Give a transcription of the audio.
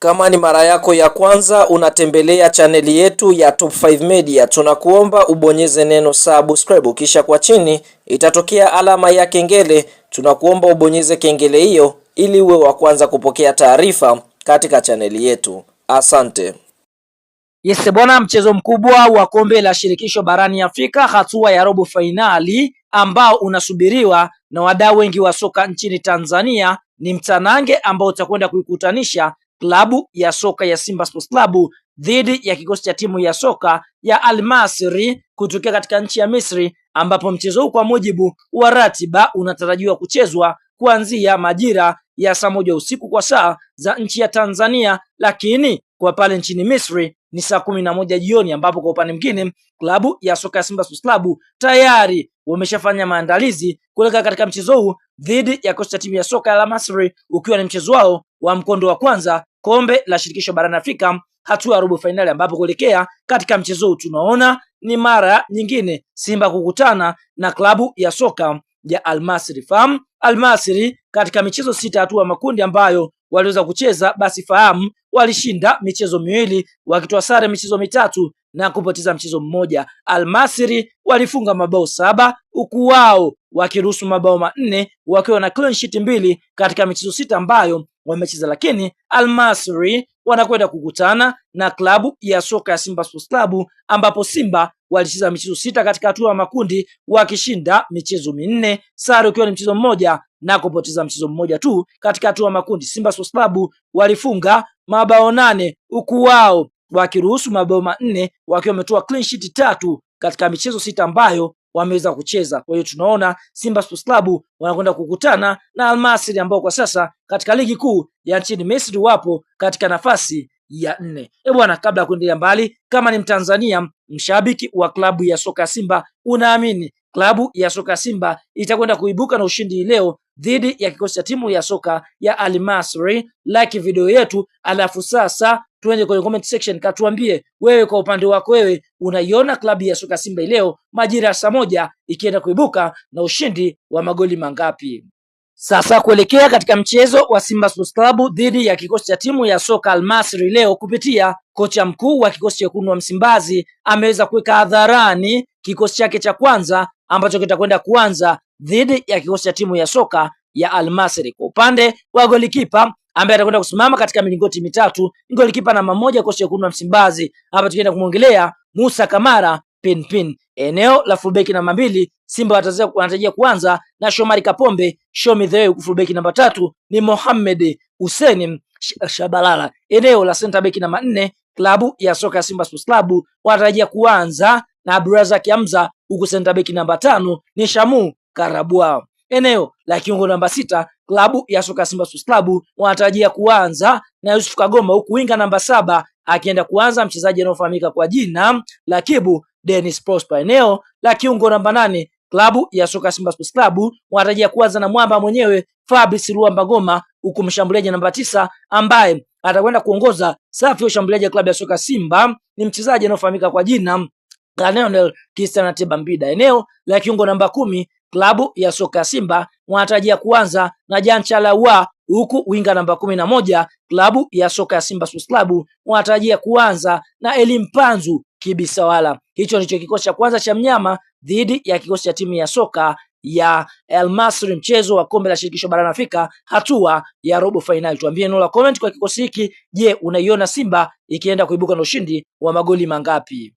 Kama ni mara yako ya kwanza unatembelea chaneli yetu ya Top 5 Media, tunakuomba ubonyeze neno subscribe, kisha kwa chini itatokea alama ya kengele. Tunakuomba ubonyeze kengele hiyo ili uwe wa kwanza kupokea taarifa katika chaneli yetu. Asante. Yes bwana, mchezo mkubwa wa kombe la shirikisho barani Afrika hatua ya robo fainali ambao unasubiriwa na wadau wengi wa soka nchini Tanzania ni mtanange ambao utakwenda kuikutanisha klabu ya soka ya Simba Sports Club dhidi ya kikosi cha timu ya soka ya Al Masry kutokea katika nchi ya Misri, ambapo mchezo huu kwa mujibu wa ratiba unatarajiwa kuchezwa kuanzia majira ya saa moja usiku kwa saa za nchi ya Tanzania, lakini kwa pale nchini Misri ni saa kumi na moja jioni, ambapo kwa upande mwingine klabu ya soka ya Simba Sports Club tayari wameshafanya maandalizi kuelekea katika mchezo huu dhidi ya kosta timu ya soka ya Al Masry, ukiwa ni mchezo wao wa mkondo wa kwanza kombe la shirikisho barani Afrika hatua ya robo fainali, ambapo kuelekea katika mchezo huu tunaona ni mara nyingine Simba kukutana na klabu ya soka ya Al Masry. Fahamu Al Masry katika michezo sita hatua makundi ambayo waliweza kucheza, basi fahamu walishinda michezo miwili wakitoa sare michezo mitatu na kupoteza mchezo mmoja. Almasiri walifunga mabao saba huku wao wakiruhusu mabao manne wakiwa na clean sheet mbili katika michezo sita ambayo wamecheza, lakini Almasiri wanakwenda kukutana na klabu ya soka ya Simba Sports Club ambapo Simba walicheza michezo sita katika hatua ya makundi wakishinda michezo minne, sare ukiwa ni mchezo mmoja na kupoteza mchezo mmoja tu katika hatua ya makundi. Simba Sports Club walifunga mabao nane huku wao wakiruhusu mabao manne wakiwa wametoa clean sheet tatu katika michezo sita ambayo wameweza kucheza. Kwa hiyo tunaona Simba Sports Club wanakwenda kukutana na Almasri ambao kwa sasa katika ligi kuu ya nchini Misri wapo katika nafasi ya nne. E bwana, kabla ya kuendelea mbali, kama ni Mtanzania mshabiki wa klabu ya soka Simba, unaamini klabu ya soka Simba itakwenda kuibuka na ushindi leo dhidi ya kikosi cha timu ya soka ya Almasri? Like video yetu, alafu sasa tuende kwenye comment section, katuambie wewe kwa upande wako, wewe unaiona klabu ya soka Simba leo majira ya saa moja ikienda kuibuka na ushindi wa magoli mangapi? Sasa kuelekea katika mchezo wa Simba Sports Club dhidi ya kikosi cha timu ya soka Almasri leo, kupitia kocha mkuu wa kikosi cha wa Msimbazi ameweza kuweka hadharani kikosi chake cha kwanza ambacho kitakwenda kuanza dhidi ya kikosi cha timu ya soka ya Almasri. Kwa upande wa golikipa ambaye atakwenda kusimama katika milingoti mitatu, golikipa namba moja kikosi cha wa Msimbazi, hapa tukienda kumwongelea Musa Kamara pin pin. Eneo la fullback namba mbili Simba wanatarajia kuanza na Shomari Kapombe show me the way, fullback namba tatu ni Mohamed Hussein Shabalala. Eneo la center back namba nne klabu ya soka ya Simba Sports Club wanatarajia kuanza na Abdurazak Hamza, huku center back namba tano ni Shamu Karabua. Eneo la kiungo namba sita klabu ya soka Simba Sports Club wanatarajia kuanza na Yusuf Kagoma, huku winga namba saba akienda kuanza mchezaji anayofahamika kwa jina la Kibu Dennis Prosper. Eneo la kiungo namba nane, klabu ya soka Simba Sports Club wanatarajia kuanza na mwamba mwenyewe Fabrice Luamba Ngoma, huku mshambuliaji namba tisa ambaye atakwenda kuongoza safu ya ushambuliaji wa klabu ya soka Simba ni mchezaji anayofahamika kwa jina Lionel Cristian Tebambida. Eneo la kiungo namba kumi klabu ya soka Simba wanatarajia kuanza na Jean Charles huku winga namba kumi na moja klabu ya soka ya Simba Sports Club wanatarajia kuanza na Elim Panzu kibisawala. Hicho ndicho kikosi cha kwanza cha mnyama dhidi ya kikosi cha timu ya soka ya Al Masry, mchezo wa kombe la shirikisho barani Afrika hatua ya robo fainali. Tuambie neno la comment kwa kikosi hiki. Je, unaiona Simba ikienda kuibuka na ushindi wa magoli mangapi?